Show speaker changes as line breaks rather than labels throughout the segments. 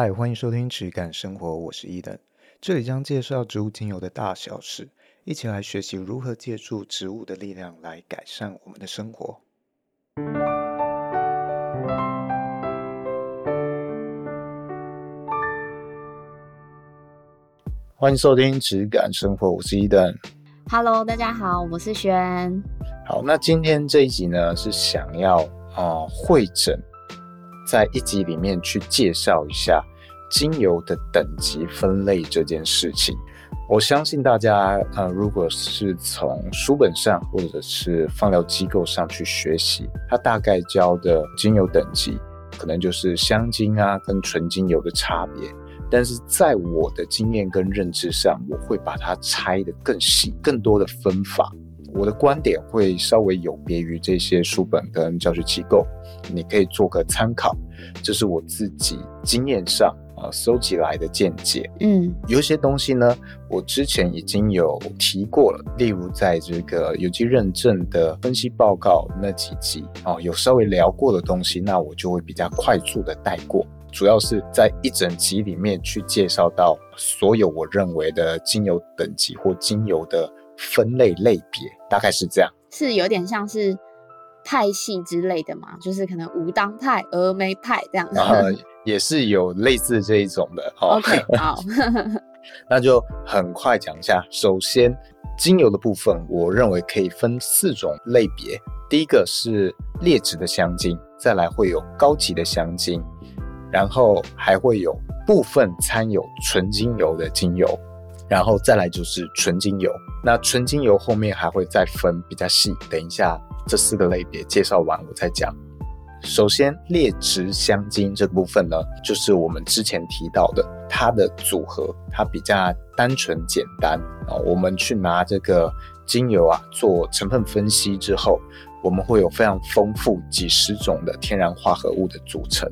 嗨，Hi, 歡迎收聽《質感生活》，我是 Eden。這裡將介紹植物精油的大小事，一起來學習如何借助植物的力量來改善我們的生活。歡迎收聽《質感生活》，我是 Eden。
Hello，大家好，我是萱。
好，那今天這一集呢，是想要啊、呃、會診，在一集裡面去介紹一下精油的等級分類這件事情，我相信大家，呃，如果是從書本上或者是芳療機構上去學習，它大概教的精油等級，可能就是香精啊跟純精油的差別，但是在我的經驗跟認知上，我會把它拆得更細，更多的分法。我的觀點會稍微有別於這些書本跟教學機構，你可以做個參考。這是我自己經驗上啊搜集來的見解。嗯，有些東西呢，我之前已經有提過了，例如在這個有機認證的分析報告那幾集哦，啊，有稍微聊過的東西，那我就會比較快速的帶過。主要是在一整集裡面去介紹到所有我認為的精油等級或精油的。分類類別大概是這樣，
是有點像是派系之類的嘛，就是可能武當派、峨眉派這樣子。然後
也是有類似這一種的哦。OK，好，那就很快講一下。首先，精油的部分，我認為可以分四種類別。第一個是劣質的香精，再來會有高級的香精，然後還會有部分摻有純精油的精油。然後再來就是純精油，那純精油後面還會再分比較細，等一下這四個類別介紹完我再講。首先，劣質香精這個部分呢，就是我們之前提到的，它的組合，它比較單純簡單。啊、哦，我們去拿這個精油啊做成分分析之後，我們會有非常豐富幾十種的天然化合物的組成，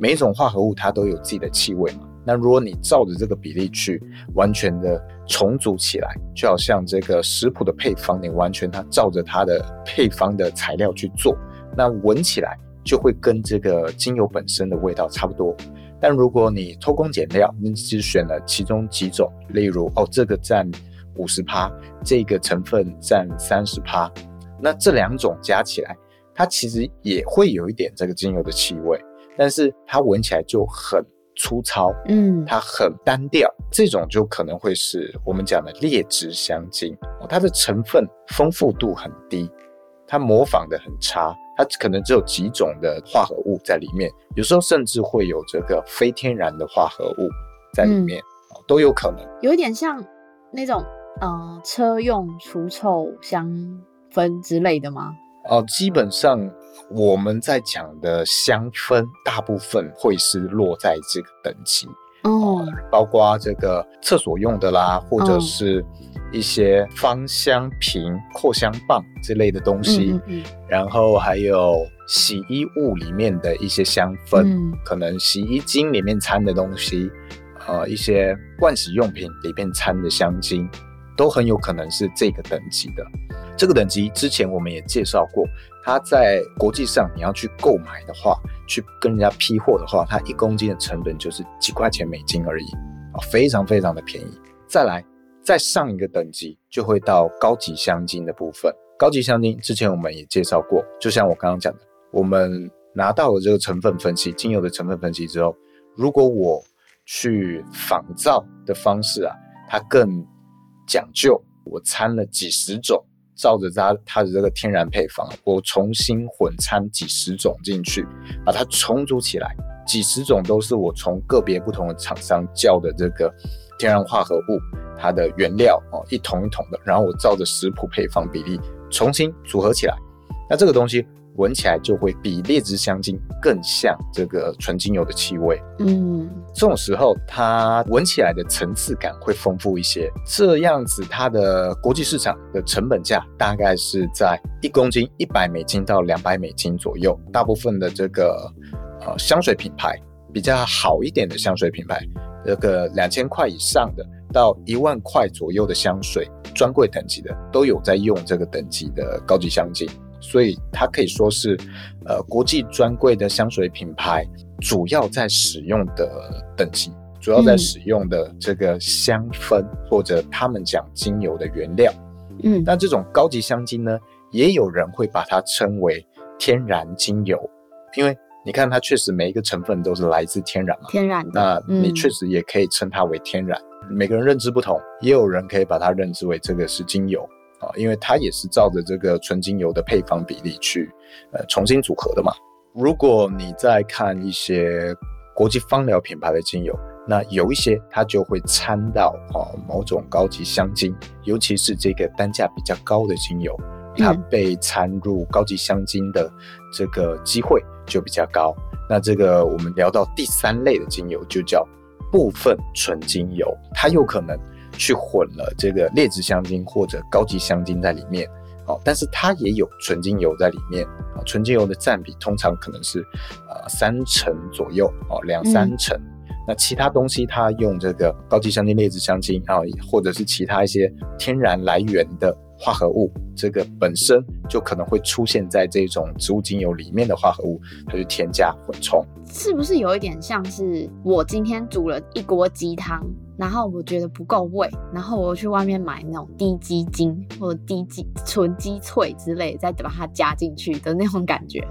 每一種化合物它都有自己的氣味嘛。那如果你照着這個比例去完全的重組起來，就好像這個食譜的配方，你完全它照着它的配方的材料去做，那聞起來就會跟這個精油本身的味道差不多。但如果你偷工減料，你只選了其中幾種，例如哦，這個占五十趴，這個成分占三十趴，那這兩種加起來，它其實也會有一點這個精油的氣味，但是它聞起來就很粗糙，嗯，它很單調，嗯、這種就可能會是我們講的劣質香精，哦，它的成分豐富度很低，它模仿得很差，它可能只有幾種的化合物在裡面，有時候甚至會有這個非天然的化合物在裡面，嗯哦、都有可能。
有一點像那種呃車用除臭香氛之類的嗎？
哦，基本上。嗯我們在講的香氛，大部分會是落在這個等級、oh. 呃，包括這個廁所用的啦，或者是一些芳香瓶、擴香棒之類的東西，mm hmm. 然後還有洗衣物裡面的一些香氛，mm hmm. 可能洗衣精裡面摻的東西，呃，一些盥洗用品裡面摻的香精，都很有可能是這個等級的。這個等級之前我們也介紹過。它在國際上，你要去購買的話，去跟人家批貨的話，它一公斤的成本就是幾塊錢美金而已啊，非常非常的便宜。再來，再上一個等級就會到高級香精的部分。高級香精之前我們也介紹過，就像我剛剛講的，我們拿到了這個成分分析，精油的成分分析之後，如果我去仿造的方式啊，它更講究，我摻了幾十種。照着它它的這個天然配方，我重新混摻幾十種進去，把它重組起來，幾十種都是我從個別不同的廠商叫的這個天然化合物，它的原料哦，一桶一桶的，然後我照着食譜配方比例重新組合起來，那這個東西。聞起來就會比劣質香精更像這個純精油的氣味。嗯，這種時候它聞起來的層次感會豐富一些。這樣子，它的國際市場的成本價大概是在一公斤一百美金到兩百美金左右。大部分的這個呃香水品牌比較好一點的香水品牌，這個兩千塊以上的到一萬塊左右的香水專櫃等級的都有在用這個等級的高級香精。所以它可以說是，呃，國際專櫃的香水品牌，主要在使用的等級，主要在使用的這個香氛、嗯、或者他們講精油的原料。嗯，但這種高級香精呢，也有人會把它稱為天然精油，因為你看它確實每一個成分都是來自天然嘛、啊，天然的。那你確實也可以稱它為天然。嗯、每個人認知不同，也有人可以把它認知為這個是精油。啊，因為它也是照着這個純精油的配方比例去，呃，重新組合的嘛。如果你在看一些國際芳療品牌的精油，那有一些它就會摻到啊、哦、某種高級香精，尤其是這個單價比較高的精油，它被摻入高級香精的這個機會就比較高。嗯、那這個我們聊到第三類的精油就叫部分純精油，它有可能去混了這個劣質香精或者高級香精在裡面，哦，但是它也有純精油在裡面啊，哦、純精油的佔比通常可能是呃三成左右哦，兩三成。嗯、那其他東西它用這個高級香精、劣質香精啊、哦，或者是其他一些天然來源的。化合物，這個本身就可能會出現在這種植物精油裡面的化合物，它就添加混充。
是不是有一點像是我今天煮了一鍋雞湯，然後我覺得不夠味，然後我又去外面買那種低雞精或者低雞純雞脆之類，再把它加進去的那種感
覺？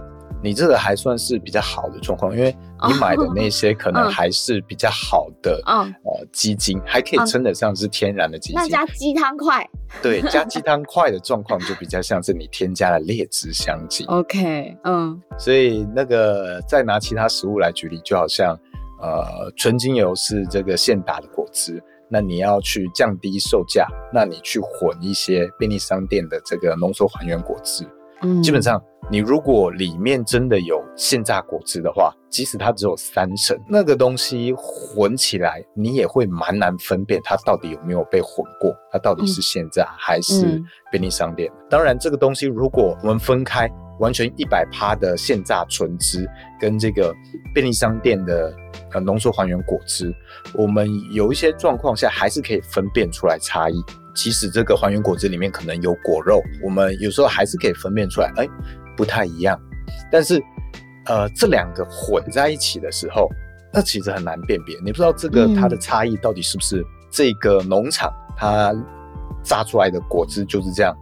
你這個還算是比較好的狀況，因為你買的那些可能還是比較好的，oh, 嗯、呃，嗯、雞精還可以稱得上是天然的雞精。嗯、那加
雞湯塊？
對，加雞湯塊的狀況就比較像是你添加了劣質香精。
OK，嗯。
所以那個再拿其他食物來舉例，就好像呃，純精油是這個現打的果汁，那你要去降低售價，那你去混一些便利商店的這個濃縮還原果汁，嗯，基本上。你如果裡面真的有現榨果汁的話，即使它只有三成，那個東西混起來，你也會蠻難分辨它到底有沒有被混過，它到底是現榨還是便利商店。嗯嗯、當然，這個東西如果我們分開，完全一百趴的現榨純汁跟這個便利商店的呃濃縮還原果汁，我們有一些狀況下還是可以分辨出來差異。其實這個還原果汁裡面可能有果肉，我們有時候還是可以分辨出來，欸不太一樣，但是，呃，這兩個混在一起的時候，那其實很難辨別。你不知道這個它的差異到底是不是這個農場它榨出來的果汁就是這樣，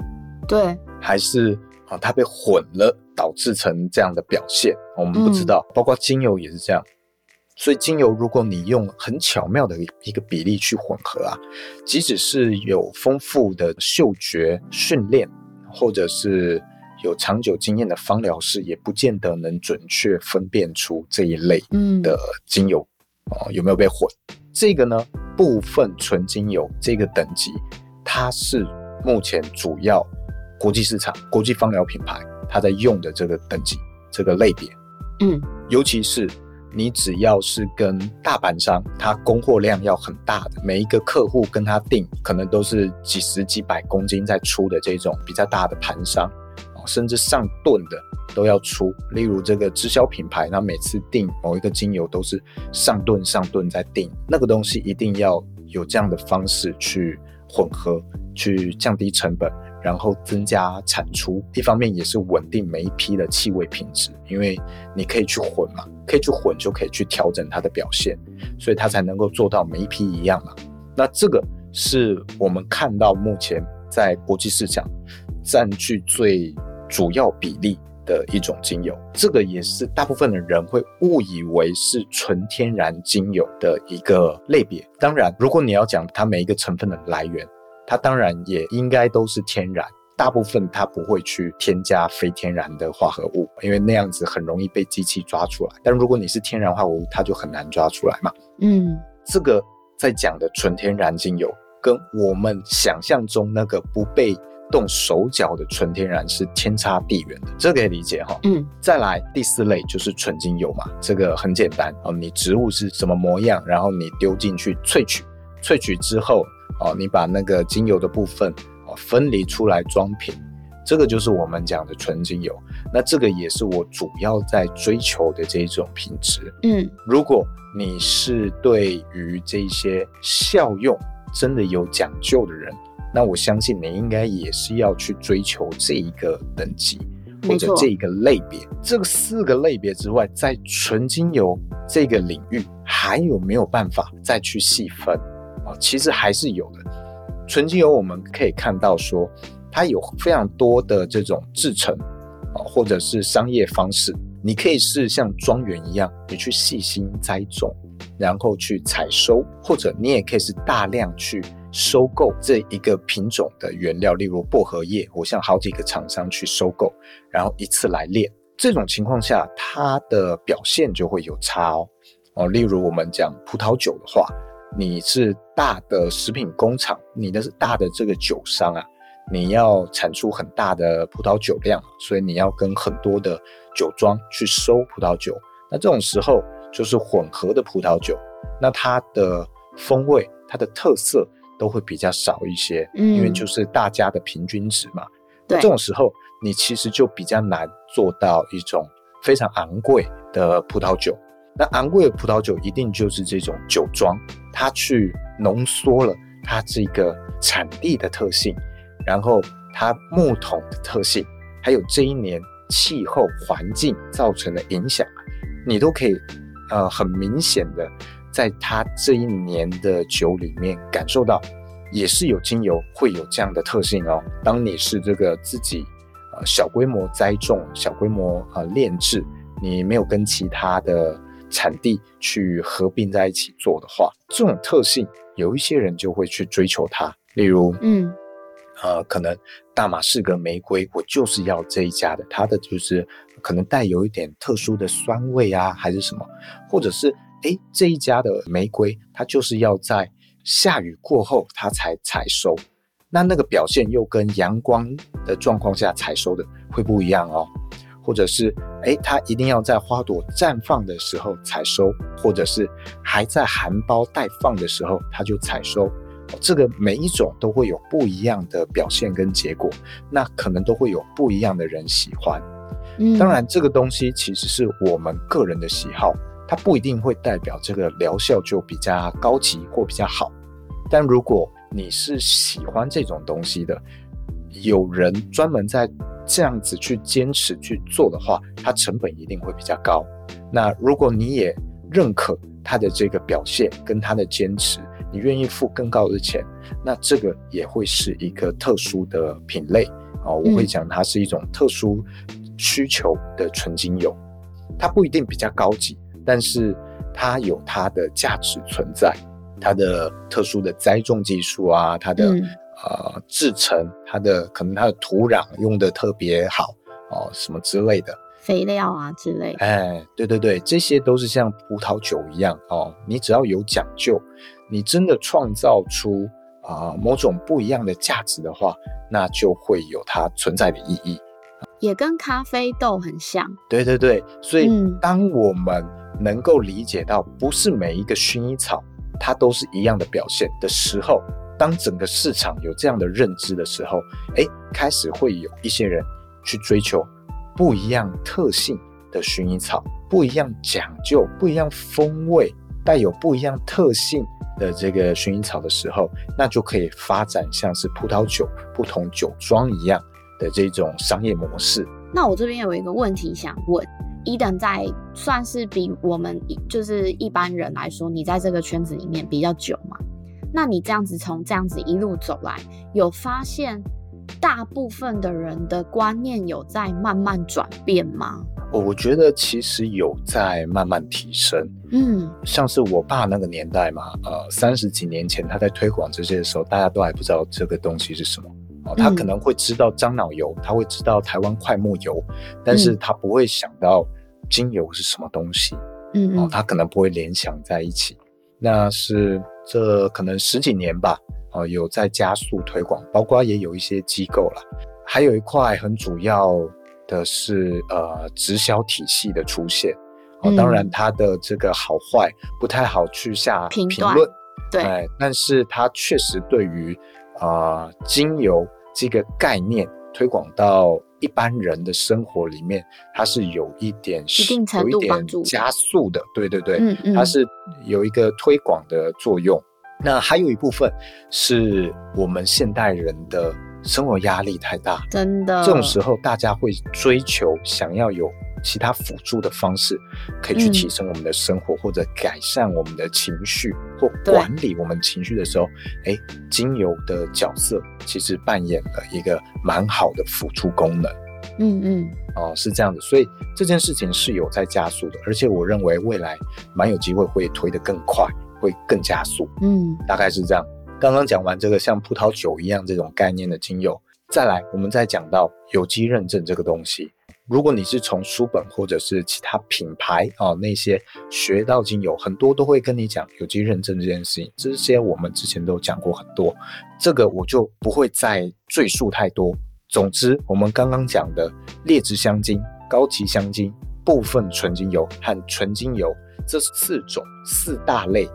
對，還是啊它被混了導致成這樣的表現，我們不知道。嗯，包括精油也是這樣，所以精油如果你用很巧妙的一個比例去混合啊，即使是有豐富的嗅覺訓練，或者是。有長久經驗的芳療師，也不見得能準確分辨出這一類的精油哦，有沒有被混。這個呢，部分純精油這個等級，它是目前主要國際市場國際芳療品牌它在用的這個等級這個類別，嗯，尤其是你只要是跟大盤商，它供貨量要很大的，每一個客戶跟他訂可能都是幾十幾百公斤在出的這種比較大的盤商。甚至上噸的都要出，例如這個直銷品牌，那每次訂某一個精油都是上噸上噸在訂，那個東西一定要有這樣的方式去混合，去降低成本，然後增加產出。一方面也是穩定每一批的氣味品質，因為你可以去混嘛，可以去混就可以去調整它的表現，所以它才能夠做到每一批一樣嘛。那這個是我們看到目前在國際市場佔據最。主要比例的一種精油，這個也是大部分的人會誤以為是純天然精油的一個類別。當然，如果你要講它每一個成分的來源，它當然也應該都是天然。大部分它不會去添加非天然的化合物，因為那樣子很容易被機器抓出來。但如果你是天然化合物，它就很難抓出來嘛。嗯，這個在講的純天然精油跟我們想象中那個不被動手腳的純天然是天差地遠的，這個可以理解哈。嗯，再來第四類就是純精油嘛，這個很簡單哦。你植物是什麼模樣，然後你丟進去萃取，萃取之後哦，你把那個精油的部分哦分離出來裝瓶，這個就是我們講的純精油。那這個也是我主要在追求的這一種品質。嗯，如果你是對於這些效用真的有講究的人。那我相信你應該也是要去追求這一個等級，或者這一個類別。這個四個類別之外，在純精油這個領域還有沒有辦法再去細分？啊，其實還是有的。純精油我們可以看到說，它有非常多的這種製程，啊，或者是商業方式。你可以是像莊園一樣，你去細心栽種，然後去採收，或者你也可以是大量去。收購這一個品種的原料，例如薄荷葉，我向好幾個廠商去收購，然後一次來煉。這種情況下，它的表現就會有差哦。哦，例如我們講葡萄酒的話，你是大的食品工廠，你的是大的這個酒商啊，你要產出很大的葡萄酒量，所以你要跟很多的酒莊去收葡萄酒。那這種時候就是混合的葡萄酒，那它的風味、它的特色，都會比較少一些，嗯，因為就是大家的平均值嘛。嗯，那這種時候，對你其實就比較難做到一種非常昂貴的葡萄酒。那昂貴的葡萄酒一定就是這種酒莊，它去濃縮了它這個產地的特性，然後它木桶的特性，還有這一年氣候環境造成的影響，你都可以，呃，很明顯的。在他這一年的酒裡面感受到，也是有精油會有這樣的特性哦。當你是這個自己，呃，小規模栽種、小規模呃煉製，你沒有跟其他的產地去合併在一起做的話，這種特性有一些人就會去追求它。例如，嗯，呃，可能大馬士革玫瑰，我就是要這一家的，它的就是可能帶有一點特殊的酸味啊，還是什麼，或者是。誒、欸，這一家的玫瑰，它就是要在下雨過後它才採收，那那個表現又跟陽光的狀況下採收的會不一樣哦。或者是誒、欸，它一定要在花朵綻放的時候採收，或者是還在含苞待放的時候它就採收，這個每一種都會有不一樣的表現跟結果，那可能都會有不一樣的人喜歡。嗯、當然，這個東西其實是我們個人的喜好。它不一定會代表這個療效就比較高級或比較好，但如果你是喜歡這種東西的，有人專門在這樣子去堅持去做的話，它成本一定會比較高。那如果你也認可它的這個表現跟它的堅持，你願意付更高的錢，那這個也會是一個特殊的品類啊，哦。嗯，我會講它是一種特殊需求的純精油，它不一定比較高級。但是它有它的價值存在，它的特殊的栽種技術啊，它的、嗯、呃製程，它的可能它的土壤用得特別好哦、呃，什麼之類的，
肥料啊之類的，
哎，對對對，這些都是像葡萄酒一樣哦、呃，你只要有講究，你真的創造出啊、呃、某種不一樣的價值的話，那就會有它存在的意義，
也跟咖啡豆很像，
對對對，所以當我們、嗯能夠理解到，不是每一個薰衣草，它都是一樣的表現的時候，當整個市場有這樣的認知的時候，誒、欸，開始會有一些人去追求不一樣特性的薰衣草，不一樣講究，不一樣風味，帶有不一樣特性的這個薰衣草的時候，那就可以發展像是葡萄酒不同酒莊一樣的這種商業模式。
那我這邊有一個問題想問。伊登在算是比我們就是一般人來說，你在這個圈子裡面比較久嘛，那你這樣子從這樣子一路走來，有發現大部分的人的觀念有在慢慢轉變嗎？
哦，我覺得其實有在慢慢提升，嗯，像是我爸那個年代嘛，呃，三十幾年前他在推廣這些的時候，大家都還不知道這個東西是什麼。哦、他可能會知道樟腦油，他會知道台灣檜木油，但是他不會想到精油是什麼東西，嗯，嗯，
嗯嗯、哦，他可
能不會聯想在一起。那是這可能十幾年吧，哦，有在加速推廣，包括也有一些機構了。還有一塊很主要的是呃，直銷體系的出現，
哦，當然
它的這個好壞不太好去下評論，對，但是它確實對於。啊，精油、呃、這個概念推廣到一般人的生活裡面，它是有一點一定程度幫助，有一點加速的，對對對，嗯嗯，它是有一個推廣的作用。那還有一部分是我們現代人的生活壓力太大，
真的，這種時
候大家會追求想要有。其他輔助的方式可以去提升我們的生活，嗯、或者改善我們的情緒，或管理我們情緒的時候，哎對、欸，精油的角色其實扮演了一個蠻好的輔助功能。嗯嗯，哦，是這樣的，所以這件事情是有在加速的，而且我認為未來蠻有機會會推得更快，會更加速。嗯，大概是這樣。剛剛講完這個像葡萄酒一樣這種概念的精油，再來我們再講到有機認證這個東西。如果你是從書本或者是其他品牌啊，那些學到精油，很多都會跟你講有機認證這件事情，這些我們之前都講過很多，這個我就不會再贅述太多。總之，我們剛剛講的劣質香精、高級香精、部分純精油和純精油這四種四大類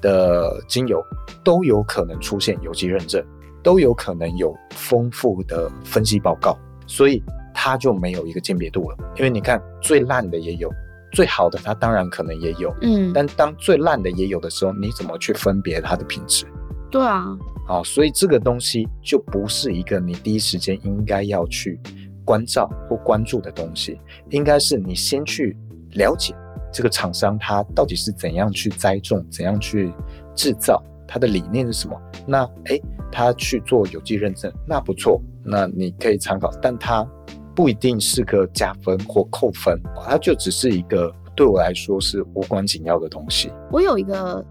的精油都有可能出現有機認證，都有可能有豐富的分析報告，所以。它就沒有一個鑑別度了，因為你看最爛的也有，最好的它當然可能也有，嗯，但當最爛的也有的時候，你怎麼去分別它的品質？
對啊，
好，所以這個東西就不是一個你第一時間應該要去關照或關注的東西，應該是你先去了解這個廠商他到底是怎樣去栽種、怎樣去製造，他的理念是什麼？那誒，他、欸、去做有機認證，那不錯，那你可以參考，但他。不一定是個加分或扣分，它就只是一個對我來說是無關緊要的東西。
我有一個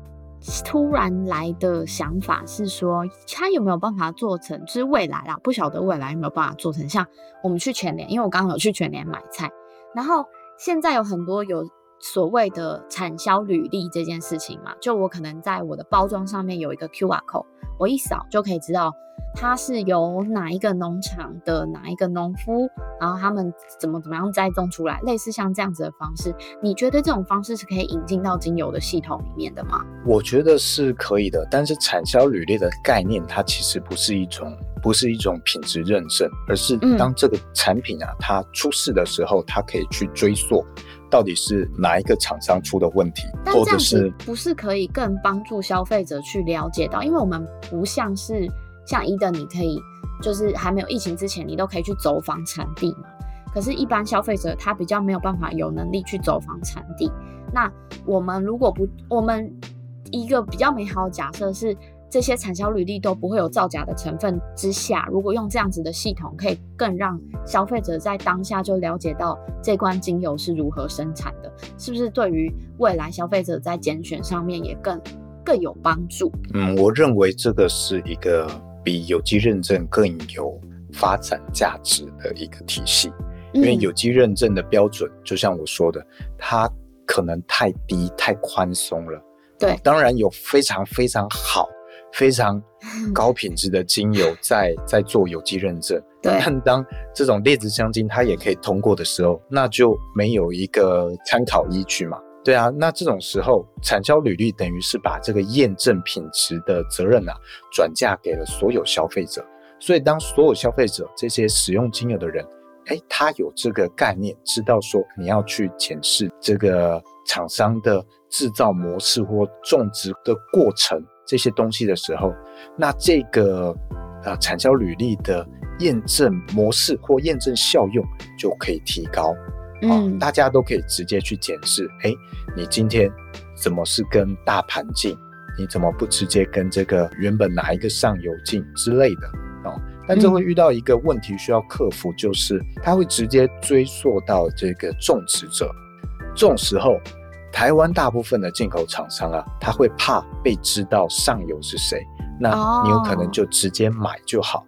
突然來的想法是說，它有沒有辦法做成？就是未來啦，不曉得未來有沒有辦法做成。像我們去全聯，因為我剛剛有去全聯買菜，然後現在有很多有所謂的產銷履歷這件事情嘛，就我可能在我的包裝上面有一個 QR code，我一掃就可以知道。它是由哪一個農場的哪一個農夫，然後他們怎麼怎麼樣栽種出來，類似像這樣子的方式，你覺得這種方式是可以引進到精油的系統裡面的嗎？
我覺得是可以的，但是產銷履歷的概念，它其實不是一種，不是一種品質認證，而是當這個產品啊、嗯、它出事的時候，它可以去追溯到底是哪一個廠商出的問題。但是這樣子或者是
不是可以更幫助消費者去了解到，因為我們不像是。像一的，你可以就是還沒有疫情之前，你都可以去走訪產地嘛。可是，一般消費者他比較沒有辦法有能力去走訪產地。那我們如果不，我們一個比較美好的假設是，這些產銷履歷都不會有造假的成分之下，如果用這樣子的系統，可以更讓消費者在當下就了解到這罐精油是如何生產的，是不是？對於未來消費者在揀選上面也更更有幫助。
嗯，我認為這個是一個。比有機認證更有發展價值的一個體系，因為有機認證的標準，嗯、就像我說的，它可能太低、太寬鬆了。對，當然有非常非常好、非常高品質的精油在在做有機認證，對但當這種劣質香精它也可以通過的時候，那就沒有一個參考依據嘛。對啊，那這種時候，產銷履歷等於是把這個驗證品質的責任啊，轉嫁給了所有消費者。所以，當所有消費者這些使用精油的人，誒，他有這個概念，知道說你要去檢視這個廠商的製造模式或種植的過程這些東西的時候，那這個，呃，產銷履歷的驗證模式或驗證效用就可以提高。哦、大家都可以直接去檢視，誒、欸,你今天怎麼是跟大盤進？你怎麼不直接跟這個原本哪一個上游進之類的？哦，但這會遇到一個問題需要克服，就是他、嗯、會直接追溯到這個種植者。這種時候，嗯、台灣大部分的進口廠商啊，他會怕被知道上游是誰，那你有可能就直接買就好。哦、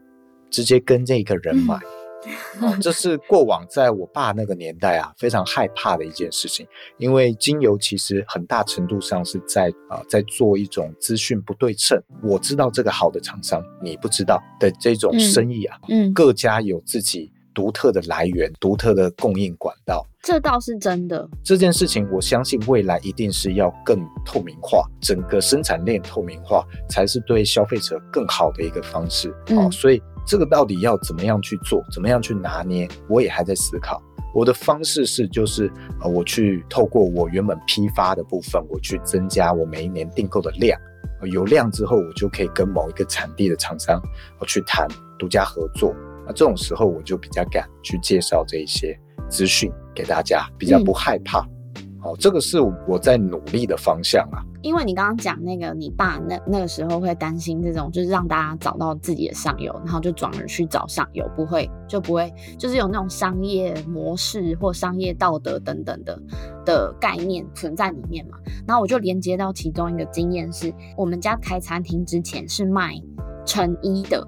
直接跟這個人買。嗯 這是過往在我爸那個年代啊，非常害怕的一件事情，因為精油其實很大程度上是在啊，在做一種資訊不對稱，我知道這個好的廠商，你不知道的這種生意啊。嗯。各家有自己獨特的來源、獨特的供應管道，
這倒是真的。
這件事情，我相信未來一定是要更透明化，整個生產鏈透明化才是對消費者更好的一個方式啊。所以。這個到底要怎麼樣去做，怎麼樣去拿捏？我也還在思考。我的方式是，就是呃，我去透過我原本批發的部分，我去增加我每一年訂購的量。呃、有量之後，我就可以跟某一個產地的廠商我、呃、去談獨家合作。那、啊、這種時候，我就比較敢去介紹這一些資訊給大家，比較不害怕。嗯好、哦，這個是我在努力的方向啊。
因為你剛剛講那個，你爸那那個時候會擔心這種，就是讓大家找到自己的上游，然後就轉而去找上游，不會就不會，就是有那種商業模式或商業道德等等的的概念存在裡面嘛。然後我就連接到其中一個經驗是，我們家開餐廳之前是賣成衣的，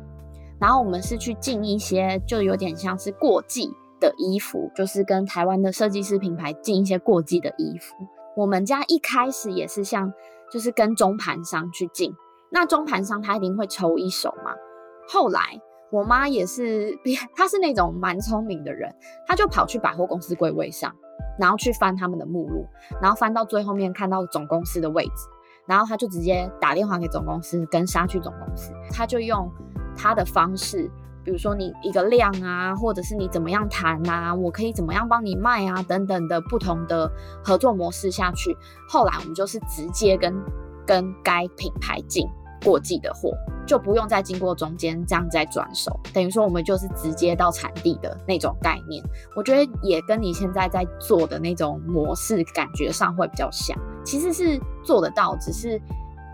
然後我們是去進一些，就有點像是過季。的衣服，就是跟台灣的設計師品牌進一些過季的衣服。我們家一開始也是像，就是跟中盤商去進。那中盤商他一定會抽一手嘛。後來我媽也是，她是那種蠻聰明的人，她就跑去百貨公司櫃位上，然後去翻他們的目錄，然後翻到最後面看到總公司的位置，然後她就直接打電話給總公司，跟殺去總公司，她就用她的方式，比如說你一個量啊，或者是你怎麼樣談啊，我可以怎麼樣幫你賣啊，等等的不同的合作模式下去。後來我們就是直接跟跟該品牌進過季的貨，就不用再經過中間這樣再轉手，等於說我們就是直接到產地的那種概念。我覺得也跟你現在在做的那種模式感覺上會比較像，其實是做得到，只是。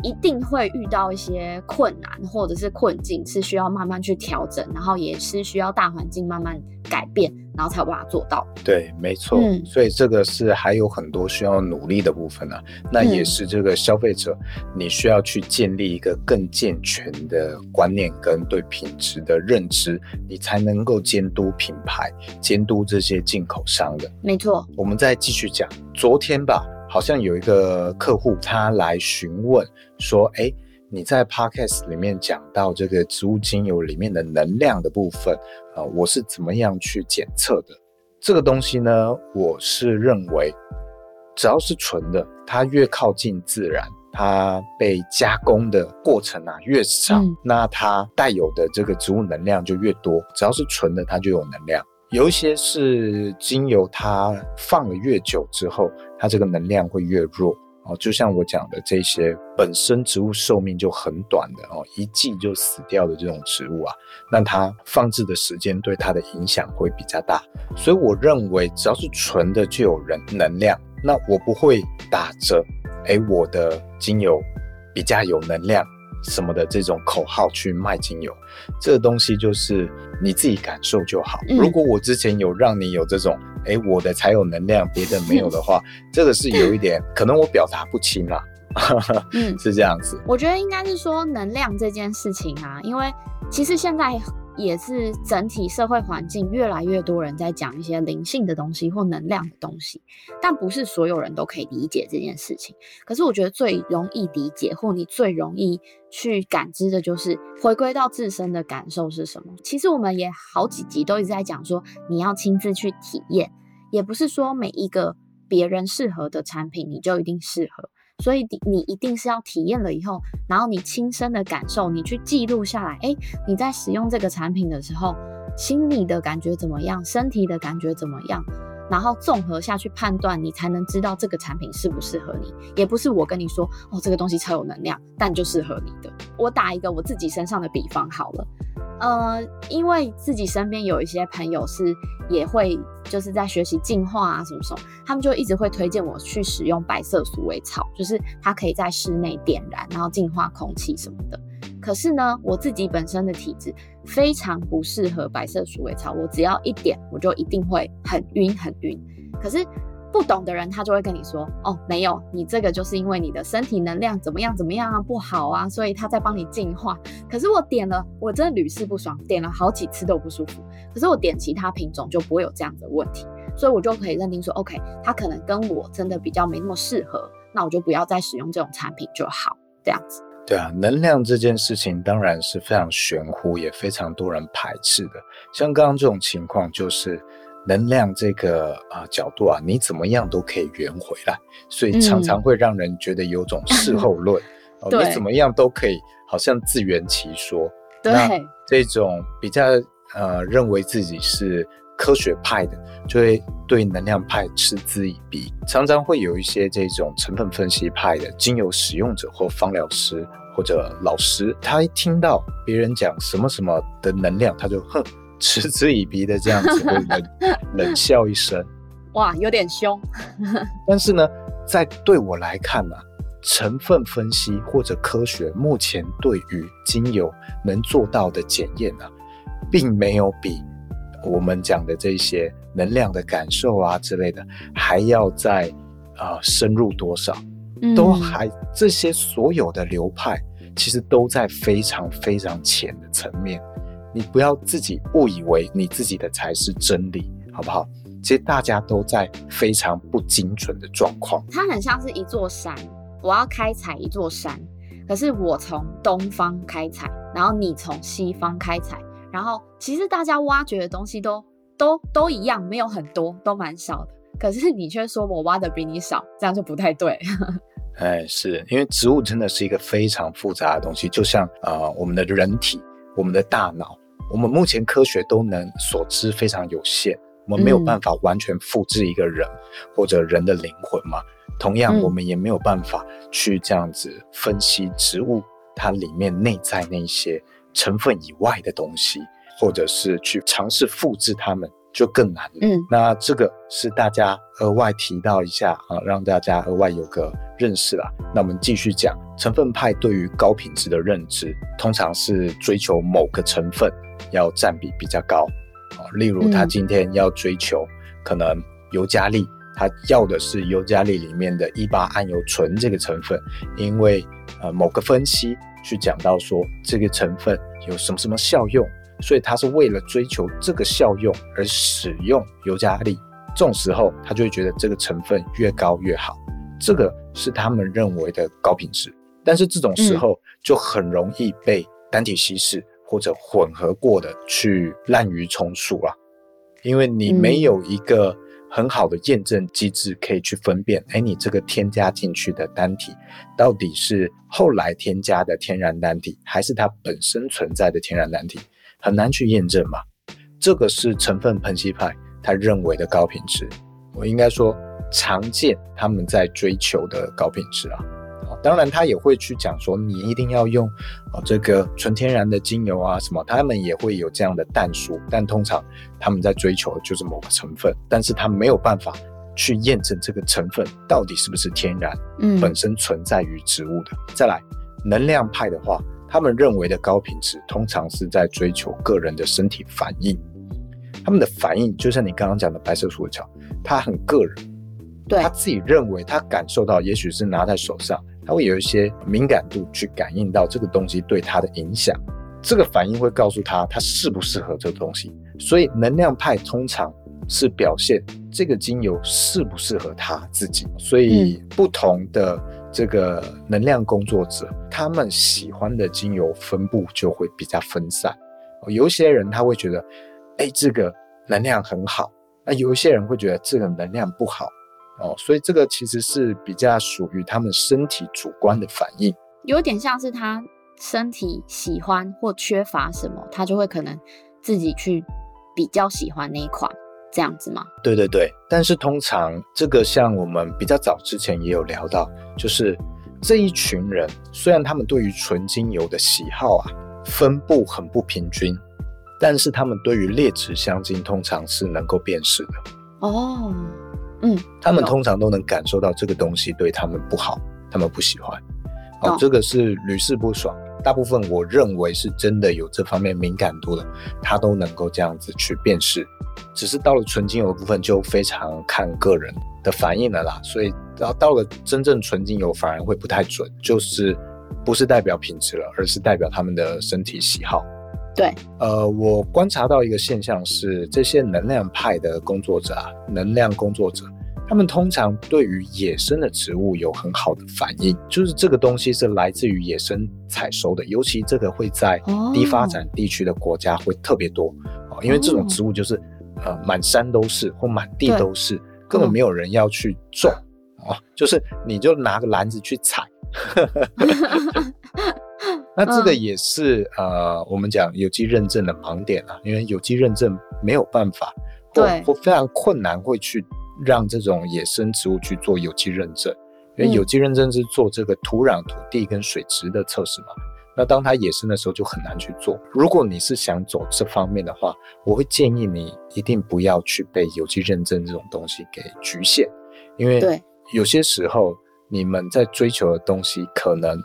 一定會遇到一些困難或者是困境，是需要慢慢去調整，然後也是需要大環境慢慢改變，然後才把它做到。
對，沒錯。嗯、所以這個是還有很多需要努力的部分呢、啊。那也是這個消費者，嗯、你需要去建立一個更健全的觀念跟對品質的認知，你才能夠監督品牌、監督這些進口商的。沒錯。我們再繼續講昨天吧。好像有一個客戶，他來詢問說：“哎、欸，你在 Podcast 裡面講到這個植物精油裡面的能量的部分啊、呃，我是怎麼樣去檢測的？這個東西呢，我是認為只要是純的，它越靠近自然，它被加工的過程啊越少，嗯、那它帶有的這個植物能量就越多。只要是純的，它就有能量。”有一些是精油，它放了越久之後，它這個能量會越弱哦。就像我講的這些，本身植物壽命就很短的哦，一季就死掉的這種植物啊，那它放置的時間對它的影響會比較大。所以我認為，只要是純的，就有人能量，那我不會打折。哎、欸，我的精油比較有能量。什麼的這種口號去賣精油。這個東西就是你自己感受就好。嗯、如果我之前有讓你有這種，誒、欸，我的才有能量，別的沒有的話，嗯、這個是有一點、嗯、可能我表達不清啦、啊，嗯， 是這樣子。我
覺得應該是說能量這件事情啊，因為其實現在，也是整體社會環境，越來越多人在講一些靈性的東西或能量的東西，但不是所有人都可以理解這件事情。可是我覺得最容易理解，或你最容易去感知的，就是回歸到自身的感受是什麼。其實我們也好幾集都一直在講說，你要親自去體驗，也不是說每一個別人適合的產品，你就一定適合。所以你一定是要體驗了以後，然後你親身的感受，你去記錄下來。哎，你在使用這個產品的時候，心理的感覺怎麼樣？身體的感覺怎麼樣？然後綜合下去判斷，你才能知道這個產品適不適合你。也不是我跟你說，哦，這個東西超有能量，但就適合你的。我打一個我自己身上的比方好了。呃，因為自己身邊有一些朋友是也會就是在學習淨化啊什麼什麼，他們就一直會推薦我去使用白色鼠尾草，就是它可以在室內點燃，然後淨化空氣什麼的。可是呢，我自己本身的體質非常不適合白色鼠尾草，我只要一點，我就一定會很暈很暈。可是。不懂的人，他就會跟你說：“哦，沒有，你這個就是因為你的身體能量怎麼樣怎麼樣啊，不好啊，所以他在幫你淨化。可是我點了，我真的屢試不爽，點了好幾次都不舒服。可是我點其他品種就不會有這樣的問題，所以我就可以認定說，OK，它可能跟我真的比較沒那麼適合，那我就不要再使用這種產品就好。這樣子，
對啊，能量這件事情當然是非常玄乎，也非常多人排斥的。像剛剛這種情況就是。”能量這個啊、呃、角度啊，你怎麼樣都可以圓回來，所以常常會讓人覺得有種事後論，你怎麼樣都可以，好像自圓其說。對，那這種比較呃認為自己是科學派的，就會對能量派嗤之以鼻。常常會有一些這種成分分析派的精油使用者或芳療師或者老師，他一聽到別人講什麼什麼的能量，他就哼。嗤之以鼻的這樣子會，冷，冷 冷笑一聲。
哇，有點兇。
但是呢，在對我來看呢、啊，成分分析或者科學目前對於精油能做到的檢驗呢，並沒有比我們講的這些能量的感受啊之類的還要再啊、呃、深入多少。都還這些所有的流派，其實都在非常非常淺的層面。你不要自己誤以為你自己的才是真理，好不好？其實大家都在非常不精準的狀況。
它很像是一座山，我要開採一座山，可是我從東方開採，然後你從西方開採，然後其實大家挖掘的東西都都都一樣，沒有很多，都蠻少的。可是你卻說我挖的比你少，這樣就不太對。
哎， 是因為植物真的是一個非常複雜的東西，就像啊、呃，我們的人體，我們的大腦。我們目前科學都能所知非常有限，我們沒有辦法完全複製一個人或者人的靈魂嘛。同樣，我們也沒有辦法去這樣子分析植物它裡面內在那些成分以外的東西，或者是去嘗試複製它們。就更難了。嗯，那這個是大家額外提到一下啊，讓大家額外有個認識了。那我們繼續講成分派對於高品質的認知，通常是追求某個成分要占比比較高。啊，例如他今天要追求可能尤加利，他要的是尤加利裡面的 1,8- 桉油醇這個成分，因為呃某個分析去講到說這個成分有什麼什麼效用。所以他是為了追求這個效用而使用尤加利，這種時候他就會覺得這個成分越高越好，這個是他們認為的高品質。但是這種時候就很容易被單體稀釋或者混合過的去濫竽充數了，因為你沒有一個很好的驗證機制可以去分辨，哎，你這個添加進去的單體到底是後來添加的天然單體，還是它本身存在的天然單體。很難去驗證嘛，這個是成分分析派他認為的高品質，我應該說常見他們在追求的高品質啊。當然他也會去講說你一定要用啊這個純天然的精油啊什麼，他們也會有這樣的但書。但通常他們在追求的就是某個成分，但是他沒有辦法去驗證這個成分到底是不是天然，嗯，本身存在於植物的。再來，能量派的話。他們認為的高品質，通常是在追求個人的身體反應。他們的反應就像你剛剛講的白色鼠尾草，他很個人，他自己認為他感受到，也許是拿在手上，他會有一些敏感度去感應到這個東西對他的影響。這個反應會告訴他他適不適合這個東西。所以能量派通常是表現這個精油適不適合他自己。所以不同的。嗯這個能量工作者，他們喜歡的精油分布就會比較分散。有些人他會覺得，哎，這個能量很好；那有一些人會覺得這個能量不好。哦，所以這個其實是比較屬於他們身體主觀的反應，
有點像是他身體喜歡或缺乏什麼，他就會可能自己去比較喜歡那一款。這樣子嗎？
對對對，但是通常這個像我們比較早之前也有聊到，就是這一群人雖然他們對於純精油的喜好啊分布很不平均，但是他們對於劣質香精通常是能夠辨識的。
哦，嗯，
他們通常都能感受到這個東西對他們不好，他們不喜歡。哦。哦，這個是屢試不爽。大部分我認為是真的有這方面敏感度的，他都能夠這樣子去辨識，只是到了純精油的部分就非常看個人的反應了啦。所以到到了真正純精油反而會不太準，就是不是代表品質了，而是代表他們的身體喜好。對，呃，我觀察到一個現象是，這些能量派的工作者，啊，能量工作者。他們通常對於野生的植物有很好的反應，就是這個東西是來自於野生採收的，尤其這個會在低發展地區的國家會特別多啊，哦、因為這種植物就是、哦、呃滿山都是或滿地都是，對根本沒有人要去種啊、哦哦，就是你就拿個籃子去採。 那這個也是、嗯、呃我們講有機認證的盲點啊，因為有機認證沒有辦法或，對或非常困難會去。讓這種野生植物去做有機認證，因為有機認證是做這個土壤、土地跟水質的測試嘛。嗯、那當它野生的時候就很難去做。如果你是想走這方面的話，我會建議你一定不要去被有機認證這種東西給局限，因為有些時候你們在追求的東西可能對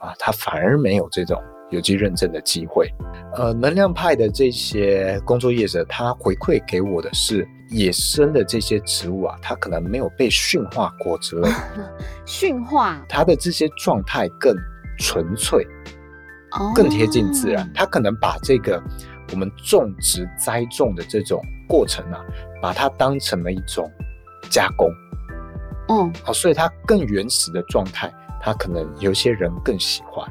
啊，它反而沒有這種有機認證的機會。呃，能量派的這些工作業者，他回饋給我的是。野生的這些植物啊，它可能沒有被馴化過之類、哦，
馴化
它的這些狀態更純粹，哦、更貼近自然。它可能把這個我們種植栽種的這種過程啊，把它當成了一種加工。嗯、哦，好，所以它更原始的狀態，它可能有些人更喜歡。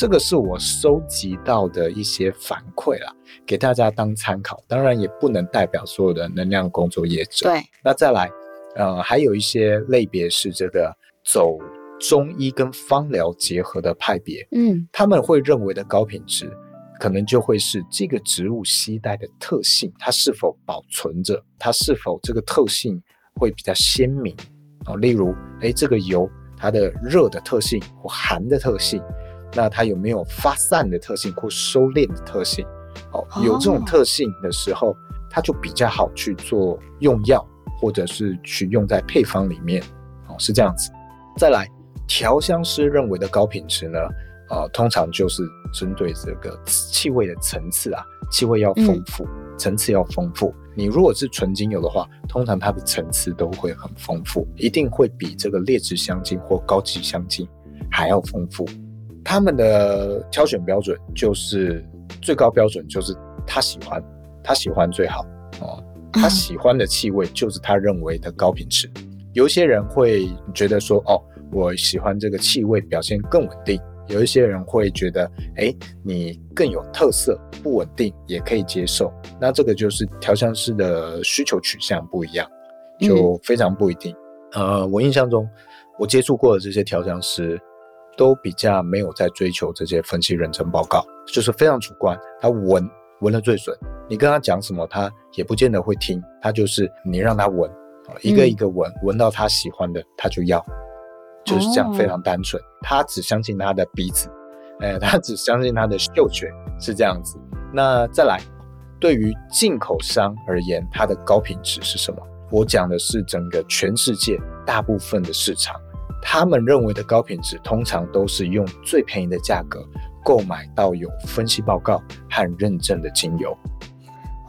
這個是我收集到的一些反饋啦，給大家當參考，當然也不能代表所有的能量工作業者。對，那再來，呃，還有一些類別是這個走中醫跟芳療結合的派別，嗯，他們會認為的高品質，可能就會是這個植物攜帶的特性，它是否保存着，它是否這個特性會比較鮮明。哦，例如，誒，這個油它的熱的特性或寒的特性。那它有沒有發散的特性或收斂的特性？Oh. 哦，有這種特性的時候，它就比較好去做用藥，或者是去用在配方裡面。哦，是這樣子。再來，調香師認為的高品質呢？啊、呃，通常就是針對這個氣味的層次啊，氣味要豐富，層、嗯、次要豐富。你如果是純精油的話，通常它的層次都會很豐富，一定會比這個劣質香精或高級香精還要豐富。他們的挑選標準就是最高標準，就是他喜歡，他喜歡最好哦。嗯、他喜歡的氣味就是他認為的高品質。有一些人會覺得說，哦，我喜歡這個氣味表現更穩定。有一些人會覺得，誒、欸、你更有特色，不穩定也可以接受。那這個就是調香師的需求取向不一樣，就非常不一定。嗯、呃，我印象中，我接觸過的這些調香師。都比較沒有在追求這些分析、認證報告，就是非常主觀。他聞聞了最準，你跟他講什麼，他也不見得會聽。他就是你讓他聞，一個一個聞，聞、嗯、到他喜歡的，他就要，就是這樣、哦、非常單純。他只相信他的鼻子，哎、他只相信他的嗅覺，是這樣子。那再來，對於進口商而言，它的高品質是什麼？我講的是整個全世界大部分的市場。他們認為的高品質，通常都是用最便宜的價格購買到有分析報告和認證的精油。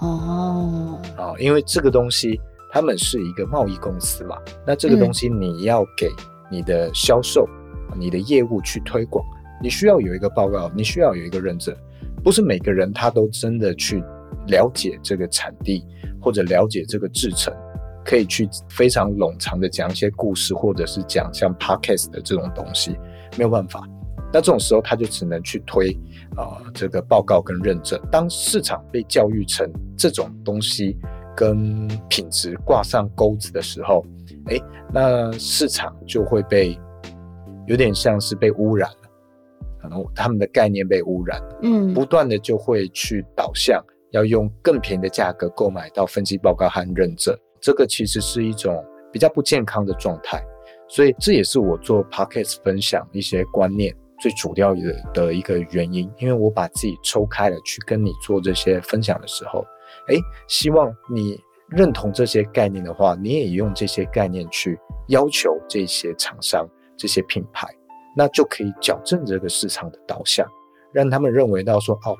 哦，oh. 因為這個東西，他們是一個貿易公司嘛，那這個東西你要給你的銷售、嗯、你的業務去推廣，你需要有一個報告，你需要有一個認證，不是每個人他都真的去了解這個產地或者了解這個製程。可以去非常冗長的講一些故事，或者是講像 podcast 的這種東西，沒有辦法。那這種時候他就只能去推啊、呃、這個報告跟認證。當市場被教育成這種東西跟品質掛上鈎子的時候，哎、欸，那市場就會被有點像是被污染了，可能他們的概念被污染了，嗯，不斷的就會去導向要用更便宜的價格購買到分析報告和認證。這個其實是一種比較不健康的狀態，所以這也是我做 podcast 分享一些觀念最主要的的一個原因。因為我把自己抽開了去跟你做這些分享的時候誒，希望你認同這些概念的話，你也用這些概念去要求這些廠商、這些品牌，那就可以矯正這個市場的導向，讓他們認為到說，哦，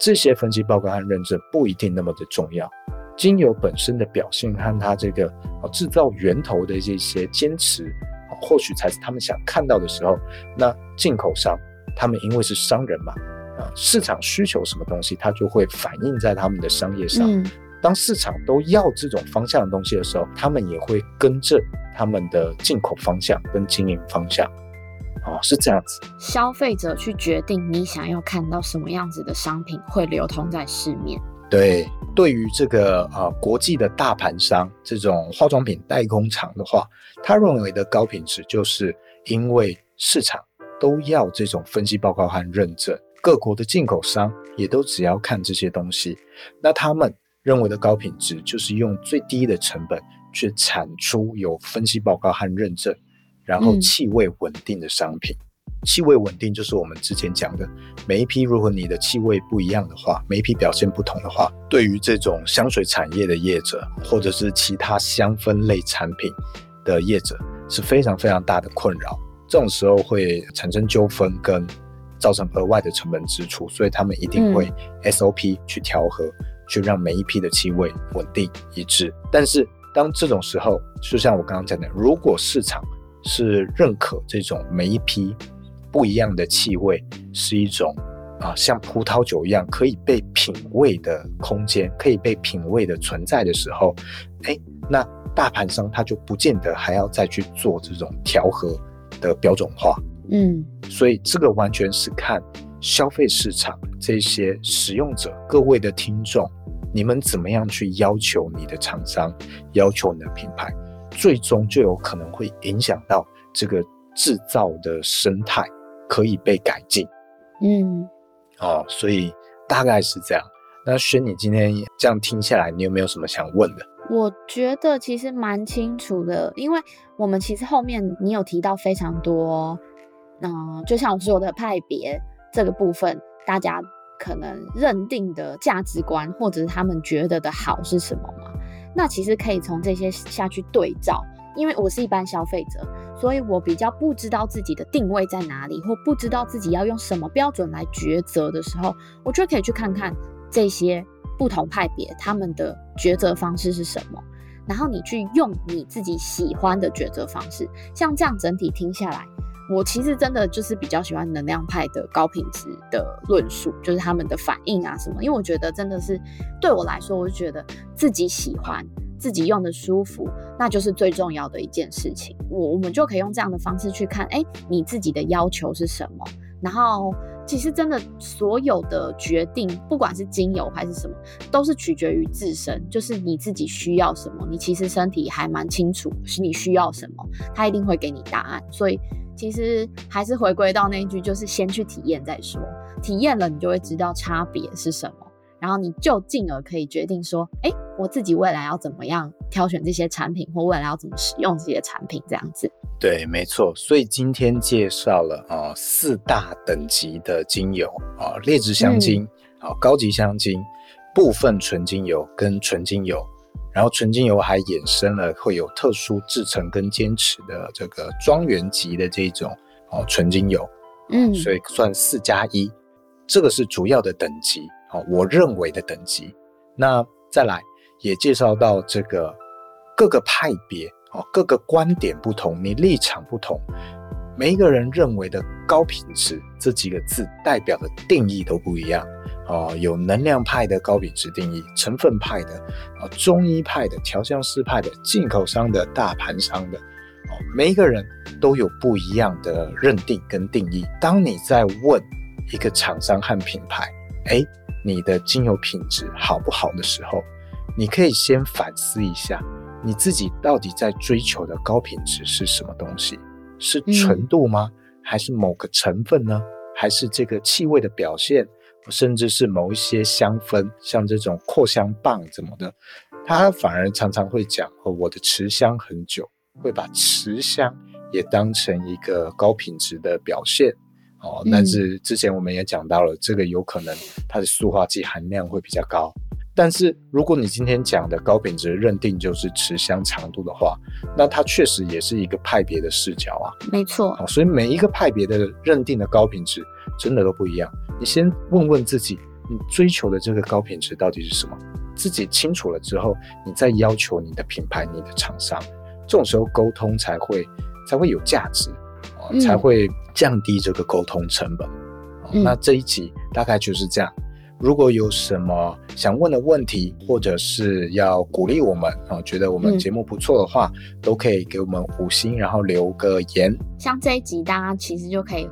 這些分析報告和認證不一定那麼的重要。精油本身的表現和它這個製造源頭的這些堅持，或許才是他們想看到的時候。那進口商他們因為是商人嘛，啊市場需求什麼東西，它就會反映在他們的商業上。嗯。當市場都要這種方向的東西的時候，他們也會跟着他們的進口方向跟經營方向，哦，是這樣子。
消費者去決定你想要看到什麼樣子的商品會流通在市面。
對，對於這個呃國際的大盤商這種化妝品代工廠的話，他認為的高品質，就是因為市場都要這種分析報告和認證，各國的進口商也都只要看這些東西，那他們認為的高品質，就是用最低的成本去產出有分析報告和認證，然後氣味穩定的商品。嗯。氣味穩定就是我們之前講的，每一批如果你的氣味不一樣的話，每一批表現不同的話，對於這種香水產業的業者，或者是其他香氛類產品的業者，是非常非常大的困擾。這種時候會產生糾紛跟造成額外的成本支出，所以他們一定會 SOP 去調和，嗯、去讓每一批的氣味穩定一致。但是當這種時候，就像我剛剛講的，如果市場是認可這種每一批。不一樣的氣味是一種啊，像葡萄酒一樣可以被品味的空間，可以被品味的存在的時候，哎、欸，那大盤商他就不見得還要再去做這種調和的標準化，嗯，所以這個完全是看消費市場這些使用者各位的聽眾，你們怎麼樣去要求你的廠商，要求你的品牌，最終就有可能會影響到這個製造的生態。可以被改進，嗯，哦，所以大概是這樣。那萱，你今天這樣聽下來，你有沒有什麼想問的？
我覺得其實蠻清楚的，因為我們其實後面你有提到非常多，嗯、呃，就像我說的派別這個部分，大家可能認定的價值觀，或者是他們覺得的好是什麼嘛？那其實可以從這些下去對照。因為我是一般消費者，所以我比較不知道自己的定位在哪裡，或不知道自己要用什麼標準來抉擇的時候，我就可以去看看這些不同派別他們的抉擇方式是什麼，然後你去用你自己喜歡的抉擇方式。像這樣整體聽下來，我其實真的就是比較喜歡能量派的高品質的論述，就是他們的反應啊什麼，因為我覺得真的是對我來說，我就覺得自己喜歡。自己用的舒服，那就是最重要的一件事情。我我們就可以用這樣的方式去看，哎、欸，你自己的要求是什麼？然後其實真的所有的決定，不管是精油還是什麼，都是取決於自身，就是你自己需要什麼。你其實身體還蠻清楚是你需要什麼，他一定會給你答案。所以其實還是回歸到那一句，就是先去體驗再說，體驗了你就會知道差別是什麼。然後你就進而可以決定說，哎，我自己未來要怎麼樣挑選這些產品，或未來要怎麼使用自己的產品，這樣子。
對，沒錯。所以今天介紹了啊、哦、四大等級的精油啊、哦，劣質香精，啊、嗯、高級香精，部分純精油跟純精油，然後純精油還衍生了會有特殊製程跟堅持的這個莊園級的這種哦純精油。
嗯，所以
算四加一，1，這個是主要的等級。哦，我認為的等級，那再來也介紹到這個各個派別哦，各個觀點不同，你立場不同，每一個人認為的高品質這幾個字代表的定義都不一樣哦。有能量派的高品質定義，成分派的啊，中醫派的，調香師派的，進口商的，大盤商的哦，每一個人都有不一樣的認定跟定義。當你在問一個廠商和品牌，哎，你的精油品質好不好的時候，你可以先反思一下，你自己到底在追求的高品質是什麼東西？是純度嗎？嗯、還是某個成分呢？還是這個氣味的表現？甚至是某一些香氛，像這種擴香棒怎麼的？他反而常常會講哦，我的持香很久，會把持香也當成一個高品質的表現。哦，那是之前我們也講到了，這個有可能它的塑化劑含量會比較高。但是如果你今天講的高品質認定就是持香長度的話，那它確實也是一個派別的視角啊沒錯。沒錯。所以每一個派別的認定的高品質真的都不一樣。你先問問自己，你追求的這個高品質到底是什麼？自己清楚了之後，你再要求你的品牌、你的廠商，這種時候溝通才會才會有價值才會、嗯。降低這個溝通成本，嗯、那這一集大概就是這樣。如果有什麼想問的問題，或者是要鼓勵我們啊，覺得我們節目不錯的話，嗯、都可以給我們五星，然後留個言。
像這一集，大家其實就可以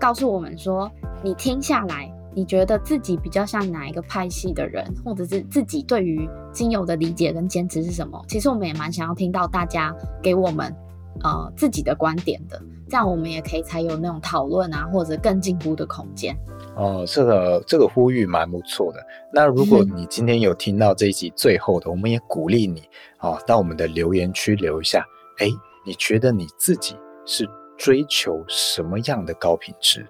告訴我們說，你聽下來，你覺得自己比較像哪一個派系的人，或者是自己對於精油的理解跟堅持是什麼？其實我們也蠻想要聽到大家給我們呃自己的觀點的。這樣我們也可以才有那種討論啊，或者更進步的空
間。哦、呃，這個這個呼籲蠻不錯的。那如果你今天有聽到這一集最後的，嗯、我們也鼓勵你啊、呃，到我們的留言區留一下。誒、欸，你覺得你自己是追求什麼樣的高品質？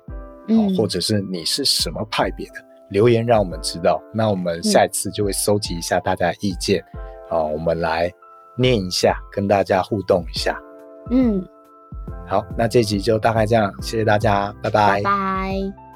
呃、嗯，或者是你是什麼派別的？留言讓我們知道。那我們下一次就會收集一下大家的意見。啊、嗯呃，我們來念一下，跟大家互動一下。嗯。好，那這集就大概這樣，謝謝大家，拜拜。拜
拜。